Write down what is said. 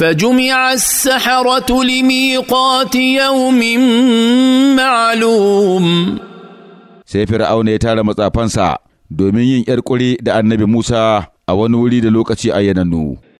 فجمع السحرة لميقات يوم معلوم سيفر أو نيتار مصافنسا دومين يرقلي دا النبي موسى أو نولي دا لوكتي